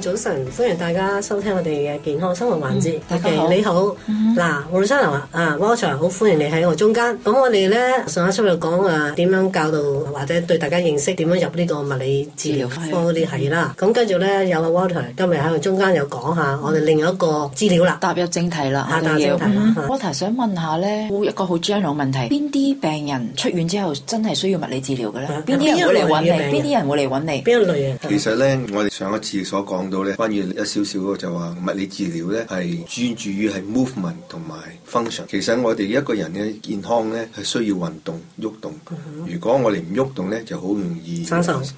早晨，歡迎大家收聽我哋嘅健康生活環節、嗯。大家好你好。嗱、嗯，胡生啊，啊，Walter 好歡迎你喺我中間。咁、嗯、我哋咧上一出又講啊，點樣教導或者對大家認識點樣入呢個物理治療科啲係啦。咁跟住咧有啊，Walter 今日喺我中間又講下我哋另一個資料啦。踏入正題啦，吓，踏入正題啦。嗯、Walter 想問下咧，會一個好 general 問題，邊啲病人出院之後真係需要物理治療嘅咧？邊啲人會嚟揾你？邊啲人會嚟揾你？邊個類型？其實咧，我哋上個廁所。講到呢，關於一少少就話物理治療呢係專注於係 movement 同埋 function。其實我哋一個人嘅健康呢係需要運動、喐動。動。如果我哋唔喐動呢，就好容易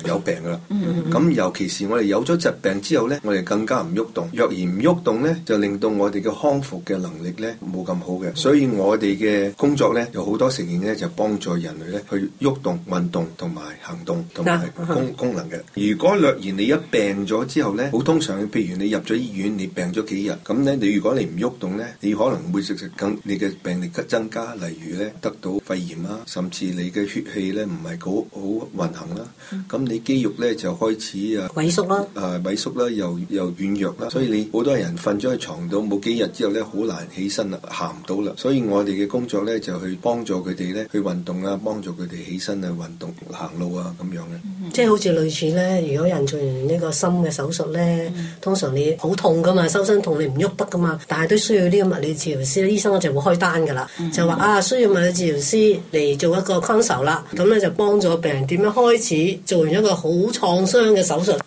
有病㗎喇。咁、嗯嗯嗯、尤其是我哋有咗疾病之後呢，我哋更加唔喐動，動。若然唔喐動，動呢，就令到我哋嘅康復嘅能力呢冇咁好嘅。所以我哋嘅工作呢，有好多成員呢，就幫助人類呢去喐動，動、運動同埋行動同埋功能嘅、嗯嗯。如果若然你一病咗之後呢，好通常，譬如你入咗醫院，你病咗幾日，咁呢，你如果你唔喐動，動呢，你可能會食食更你嘅病歷增加，例如呢，得到肺炎、啊、甚至你嘅血。氣咧唔係好好運行啦，咁、嗯、你肌肉咧就開始啊萎縮啦，啊萎縮啦，又又軟弱啦、嗯，所以你好多人瞓咗喺床度冇幾日之後咧，好難起身啦，行唔到啦，所以我哋嘅工作咧就去幫助佢哋咧去運動啊，幫助佢哋起身去運動行路啊咁樣嘅，即、嗯、係、嗯、好似類似咧，如果人做完呢個心嘅手術咧，通常你好痛噶嘛，收身痛你唔喐得噶嘛，但係都需要呢個物理治療師，醫生我就會開單噶啦、嗯，就話、嗯、啊需要物理治療師嚟做一個看守啦。咁咧就幫咗病人點樣開始做完一個好創傷嘅手術。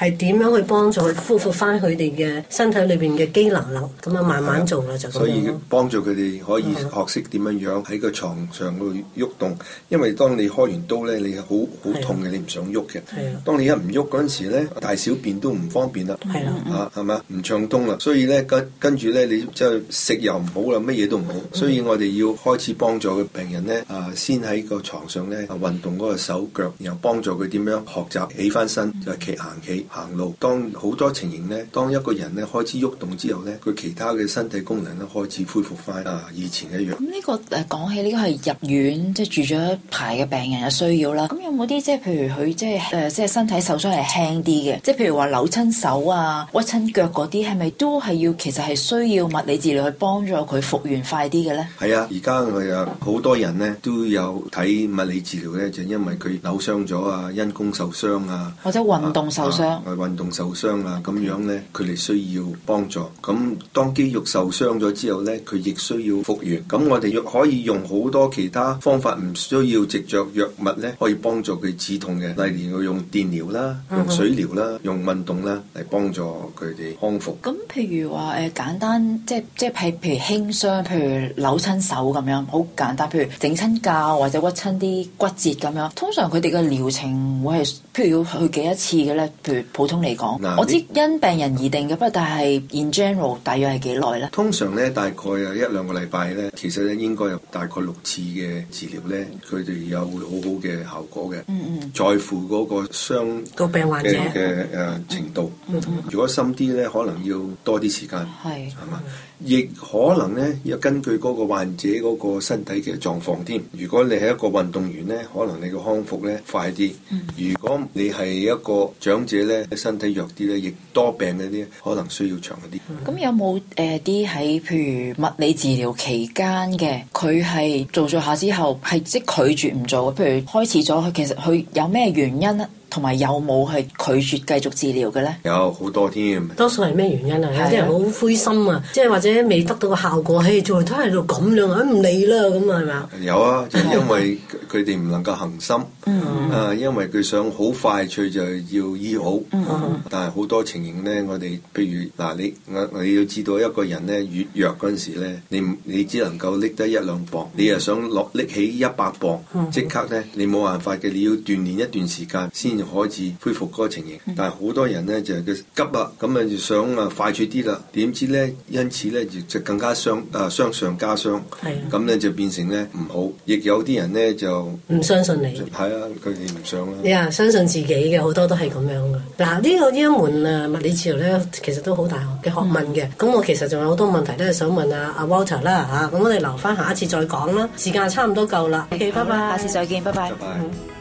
係點樣去幫助佢恢復翻佢哋嘅身體裏邊嘅機能力？咁啊，慢慢做啦，就所以幫助佢哋可以學識點樣樣喺個床上度喐動，動。因為當你開完刀咧，你好好痛嘅，你唔想喐嘅。當你一唔喐嗰陣時咧，大小便都唔方便啦。係啦，嗯，係嘛？唔暢通啦，所以咧跟跟住咧，你即係食又唔好啦，乜嘢都唔好。所以我哋要開始幫助嘅病人咧，啊，先喺個床上咧運動嗰個手腳，然後幫助佢點樣學習起翻身，就係騎行起。行路，當好多情形呢，當一個人呢，開始喐動，動之後呢，佢其他嘅身體功能呢，開始恢復返啊，以前一樣。咁呢，這個誒講起呢，這個係入院，即係住咗一排嘅病人嘅需要啦。咁有冇啲即係譬如佢即係，呃，即身體受傷係輕啲嘅，即係譬如話扭親手啊，屈親腳嗰啲，係咪都係要其實係需要物理治療去幫助佢復原快啲嘅呢？係啊，而家我啊，好，呃，多人呢都有睇物理治療咧，就因為佢扭傷咗啊，因公受傷啊，或者運動受傷。啊啊運動受傷啦、啊，咁樣咧，佢哋需要幫助。咁當肌肉受傷咗之後咧，佢亦需要復原。咁我哋可以用好多其他方法，唔需要藉着藥物咧，可以幫助佢止痛嘅。例如用電療啦，用水療啦，用運動啦嚟幫助佢哋康復。咁譬如話誒、呃，簡單即係即係譬如輕傷，譬如扭親手咁樣，好簡單。譬如整親腳或者屈親啲骨折咁樣，通常佢哋嘅療程會係。譬如要去幾多次嘅咧？譬如普通嚟講、啊，我知因病人而定嘅，不過、啊、但係 in general 大約係幾耐咧？通常咧，大概有一兩個禮拜咧，其實咧應該有大概六次嘅治療咧，佢哋有好好嘅效果嘅。嗯嗯，在乎嗰個傷、病患者嘅誒、呃、程度。嗯嗯，如果深啲咧，可能要多啲時間。係係嘛？亦可能咧，要根據嗰個患者嗰個身體嘅狀況添。如果你係一個運動員咧，可能你個康復咧快啲；如果你係一個長者咧，身體弱啲咧，亦多病嗰啲，可能需要長一啲。咁、嗯、有冇誒啲喺譬如物理治療期間嘅，佢係做咗下之後，係即拒絕唔做嘅，譬如開始咗佢，其實佢有咩原因咧？同埋有冇係拒絕繼續治療嘅咧？有好多添，多數係咩原因啊？有啲人好灰心啊，即係、啊、或者未得到個效果，嘿、啊，再睇喺度咁樣，梗唔理啦，咁啊，係咪啊？有啊，因為佢哋唔能夠恒心， 啊，因為佢想好快脆就要醫好， 啊、很醫好 但係好多情形咧，我哋譬如嗱，你我你要知道一個人咧越弱嗰陣時咧，你你只能夠拎得一兩磅， 你又想落拎起一百磅，即 刻咧你冇辦法嘅，你要鍛鍊一段時間先。可以恢復嗰個情形，但係好多人咧就急啦，咁啊就想啊快脆啲啦，點知咧因此咧就更加傷啊，傷上加傷。係咁咧就變成咧唔好，亦有啲人咧就唔相信你。係啊，佢哋唔想啦。你、yeah, 啊相信自己嘅，好多都係咁樣嘅。嗱呢個呢一門啊物理治療咧，其實都好大嘅學問嘅。咁、嗯、我其實仲有好多問題咧想問阿、啊、阿 Walter 啦吓，咁、啊、我哋留翻下一次再講啦。時間差唔多夠啦，OK，拜拜，下次再見，拜拜。Bye bye 嗯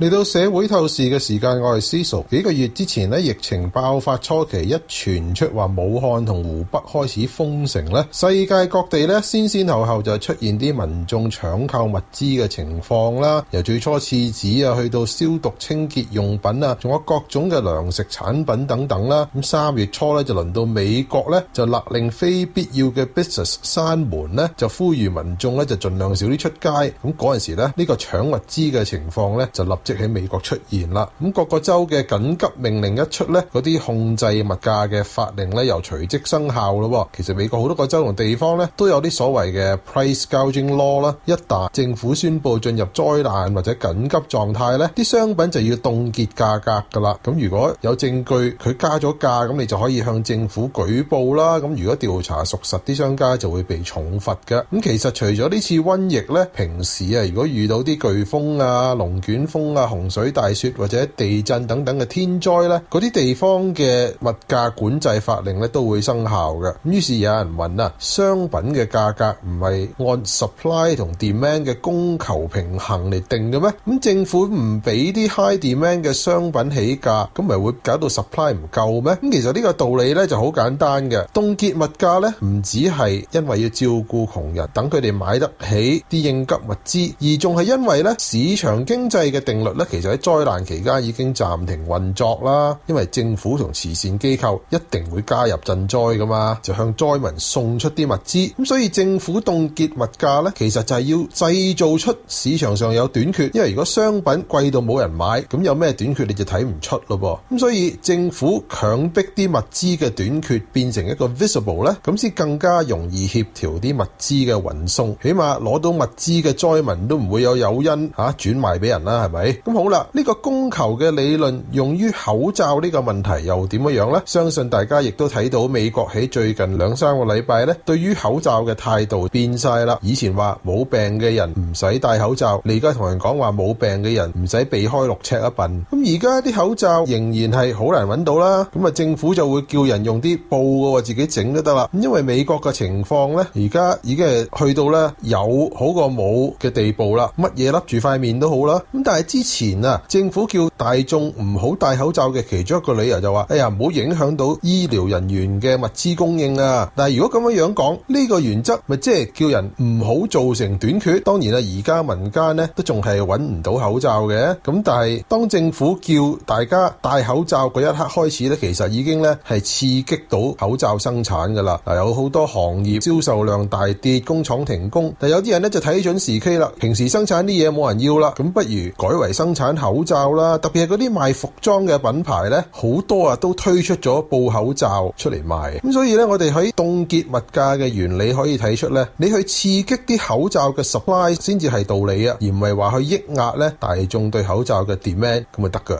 嚟到社會透視嘅時間，我係 Cecil。幾個月之前咧，疫情爆發初期，一傳出話武漢同湖北開始封城咧，世界各地咧先先後後就出現啲民眾搶購物資嘅情況啦。由最初廁紙啊，去到消毒清潔用品啊，仲有各種嘅糧食產品等等啦。咁三月初咧，就輪到美國咧，就勒令非必要嘅 business 閂門咧，就呼籲民眾咧就盡量少啲出街。咁嗰陣時咧，呢、呢個搶物資嘅情況咧就立。即喺美國出現啦，咁各個州嘅緊急命令一出呢，嗰啲控制物價嘅法令呢又隨即生效咯。其實美國好多個州同地方呢都有啲所謂嘅 price gouging law 啦，一旦政府宣佈進入災難或者緊急狀態，呢啲商品就要凍結價格噶啦。咁如果有證據佢加咗價，咁你就可以向政府舉報啦。咁如果調查屬實，啲商家就會被重罰嘅。咁其實除咗呢次瘟疫呢，平時啊，如果遇到啲颶風啊、龍捲風，啊！洪水、大雪或者地震等等嘅天災咧，嗰啲地方嘅物價管制法令咧都會生效嘅。於是有人問啊：商品嘅價格唔係按 supply 同 demand 嘅供求平衡嚟定嘅咩？咁政府唔俾啲 high demand 嘅商品起價，咁咪會搞到 supply 唔夠咩？咁其實呢個道理咧就好簡單嘅，凍結物價咧唔只係因為要照顧窮人，等佢哋買得起啲應急物資，而仲係因為咧市場經濟嘅定。咧，其實喺災難期間已經暫停運作啦，因為政府同慈善機構一定會加入賑災噶嘛，就向災民送出啲物資。咁所以政府凍結物價呢，其實就係要製造出市場上有短缺。因為如果商品貴到冇人買，咁有咩短缺你就睇唔出咯噃。咁所以政府強迫啲物資嘅短缺變成一個 visible 呢，咁先更加容易協調啲物資嘅運送。起碼攞到物資嘅災民都唔會有誘因吓轉賣俾人啦，係咪？咁好啦，呢、呢個供求嘅理論用於口罩呢個問題又點樣樣呢？相信大家亦都睇到美國喺最近兩三個禮拜呢，對於口罩嘅態度變晒啦。以前話冇病嘅人唔使戴口罩，你而家同人講，話冇病嘅人唔使避開六尺一品。咁而家啲口罩仍然係好難揾到啦。咁啊，政府就會叫人用啲布個自己整都得啦。咁因為美國嘅情況呢，而家已經係去到呢有好過冇嘅地步啦。乜嘢笠住塊面都好啦。咁但係前啊，政府叫大眾唔好戴口罩嘅其中一個理由就話：哎呀，唔好影響到醫療人員嘅物資供應啊！但係如果咁樣樣講，呢個原則咪即係叫人唔好造成短缺。當然啦，而家民間咧都仲係搵唔到口罩嘅。咁但係當政府叫大家戴口罩嗰一刻開始咧，其實已經咧係刺激到口罩生產噶啦。嗱，有好多行業銷售量大跌，工廠停工。但有啲人咧就睇準時期啦，平時生產啲嘢冇人要啦，咁不如改為，生產口罩啦，特別係嗰啲賣服裝嘅品牌呢，好多啊都推出咗布口罩出嚟賣。咁所以呢，我哋喺凍結物價嘅原理可以睇出呢，你去刺激啲口罩嘅 supply 先至係道理啊，而唔係話去抑壓呢大眾對口罩嘅 demand 咁咪得㗎。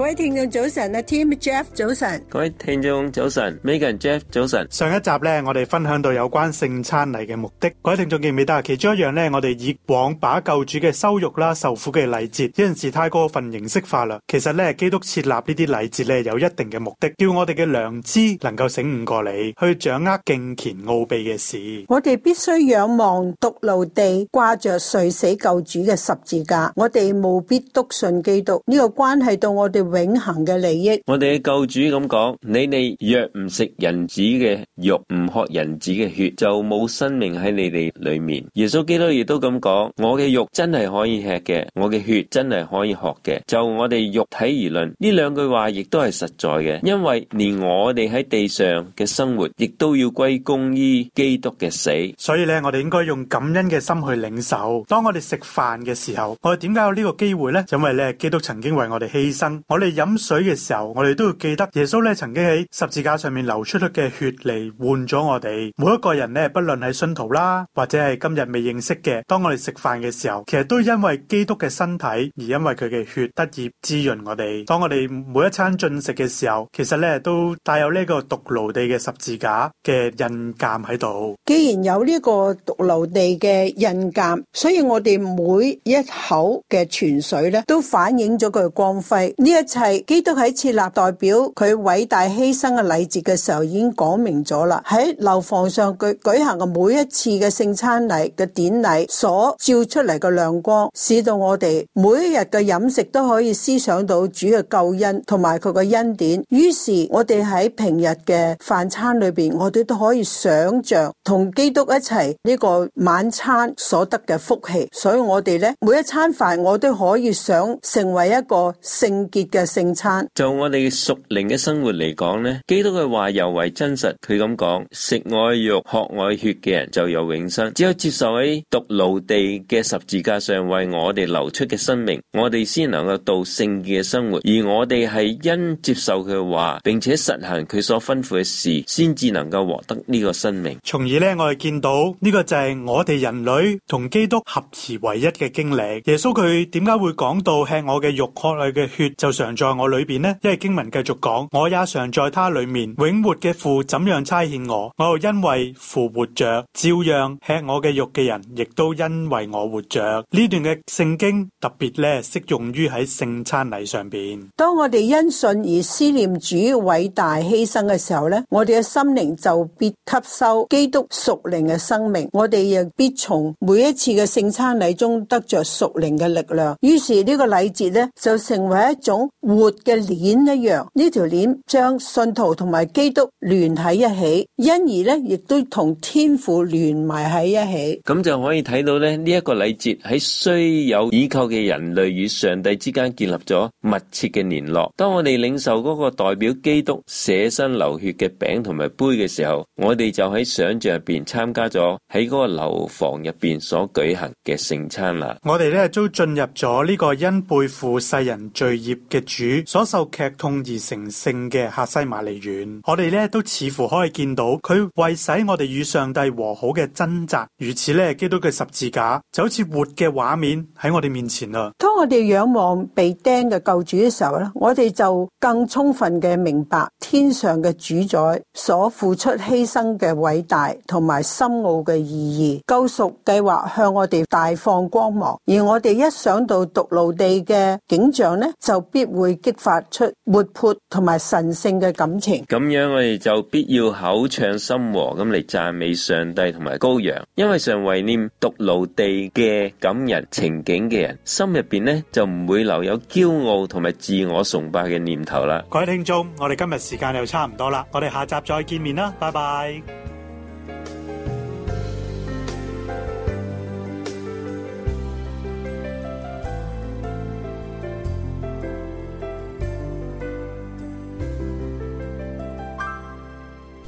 各位聽眾早晨，阿 Tim Jeff 早晨，各位聽眾早晨，每個人 Jeff 早晨。上一集咧，我哋分享到有關聖餐禮嘅目的。各位聽眾記唔記得啊？其中一樣咧，我哋以往把救主嘅羞辱啦、受苦嘅禮節，有陣時太過分形式化啦。其實咧，基督設立呢啲禮節咧，有一定嘅目的，叫我哋嘅良知能夠醒悟過嚟，去掌握敬虔奧秘嘅事。我哋必須仰望髑髏地，掛着垂死救主嘅十字架。我哋務必篤信基督呢個關係到我哋永恒嘅利益。我哋嘅救主咁講：你哋若唔食人子嘅肉，唔喝人子嘅血，就冇生命喺你哋裏面。耶穌基督亦都咁講：我嘅肉真係可以吃嘅，我嘅血真係可以喝嘅。就我哋肉體而論，呢兩句話亦都係實在嘅，因為連我哋喺地上嘅生活，亦都要歸功於基督嘅死。所以咧，我哋應該用感恩嘅心去領受。當我哋食飯嘅時候，我哋點解有呢個機會咧？因為咧，基督曾經為我哋犧牲我。我哋飲水嘅時候，我哋都要記得耶穌咧曾經喺十字架上面流出嘅血嚟換咗我哋每一個人咧，不論係信徒啦，或者係今日未認識嘅。當我哋食飯嘅時候，其實都因為基督嘅身體而因為佢嘅血得以滋潤我哋。當我哋每一餐進食嘅時候，其實咧都帶有呢個髑髏地嘅十字架嘅印鑒喺度。既然有呢個髑髏地嘅印鑒，所以我哋每一口嘅泉水咧都反映咗佢嘅光輝。呢一係基督喺設立代表佢偉大犧牲嘅禮節嘅時候，已經講明咗啦。喺樓房上舉舉行嘅每一次嘅聖餐禮嘅典禮，所照出嚟嘅亮光，使到我哋每一日嘅飲食都可以思想到主嘅救恩同埋佢嘅恩典。於是，我哋喺平日嘅飯餐裏邊，我哋都可以想象同基督一齊呢個晚餐所得嘅福氣。所以我哋呢，每一餐飯，我都可以想成為一個聖潔。嘅聖餐，就我哋屬靈嘅生活嚟講呢，基督嘅話尤為真實。佢咁講：食我肉、喝我血嘅人就有永生。只有接受喺髑髏地嘅十字架上為我哋流出嘅生命，我哋先能夠度聖潔嘅生活。而我哋係因接受佢嘅話，并且實行佢所吩咐嘅事，先至能夠獲得呢個生命。從而呢，我哋見到呢個就係我哋人類同基督合而為一嘅經歷。耶穌佢點解會講到吃我嘅肉、喝我嘅血就？常在我裏邊呢，因為經文繼續講，我也常在他裏面永活嘅父怎樣差遣我，我又因為父活着，照樣吃我嘅肉嘅人，亦都因為我活着。呢段嘅聖經特別咧，適用於喺聖餐禮上邊。當我哋因信而思念主偉大犧牲嘅時候咧，我哋嘅心靈就必吸收基督屬靈嘅生命，我哋亦必從每一次嘅聖餐禮中得着屬靈嘅力量。於是呢個禮節咧，就成為一種。活嘅鏈一樣，呢條鏈將信徒同埋基督連喺一起，因而咧亦都同天父連埋喺一起。咁就可以睇到咧，呢、這、一個禮節喺雖有倚靠嘅人類與上帝之間建立咗密切嘅聯絡。當我哋領受嗰個代表基督捨身流血嘅餅同埋杯嘅時候，我哋就喺想象入邊參加咗喺嗰個樓房入邊所舉行嘅聖餐啦。我哋咧都進入咗呢個因背負世人罪孽嘅，主所受劇痛而成聖嘅客西馬尼園，我哋咧都似乎可以見到佢為使我哋與上帝和好嘅掙扎，如此咧基督嘅十字架就好似活嘅畫面喺我哋面前啦。當我哋仰望被釘嘅救主嘅時候咧，我哋就更充分嘅明白天上嘅主宰所付出犧牲嘅偉大同埋深奧嘅意義，救贖計劃向我哋大放光芒。而我哋一想到髑髏地嘅景象咧，就必會激發出活潑同埋神聖嘅感情。咁樣，我哋就必要口唱心和咁嚟讚美上帝同埋羔羊。因為常懷念髑髏地嘅感人情景嘅人，心入面呢就唔會留有驕傲同埋自我崇拜嘅念頭啦。各位聽眾，我哋今日時間又差唔多啦。我哋下集再見面啦，拜拜。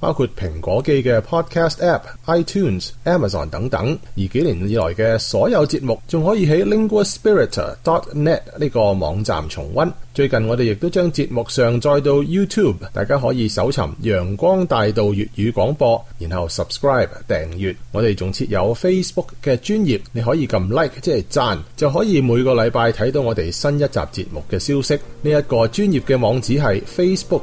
包括蘋果機嘅 Podcast App、iTunes、Amazon 等等，而幾年以來嘅所有節目仲可以喺 linguaspirit.net 呢個網站重溫。最近我哋亦都將節目上載到 YouTube，大家可以搜尋陽光大道粵語廣播，然後 subscribe 訂閱。我哋仲設有 Facebook 嘅專頁，你可以撳 like 即係讚，就可以每個禮拜睇到我哋新一集節目嘅消息。呢一個專頁嘅網址係 Facebook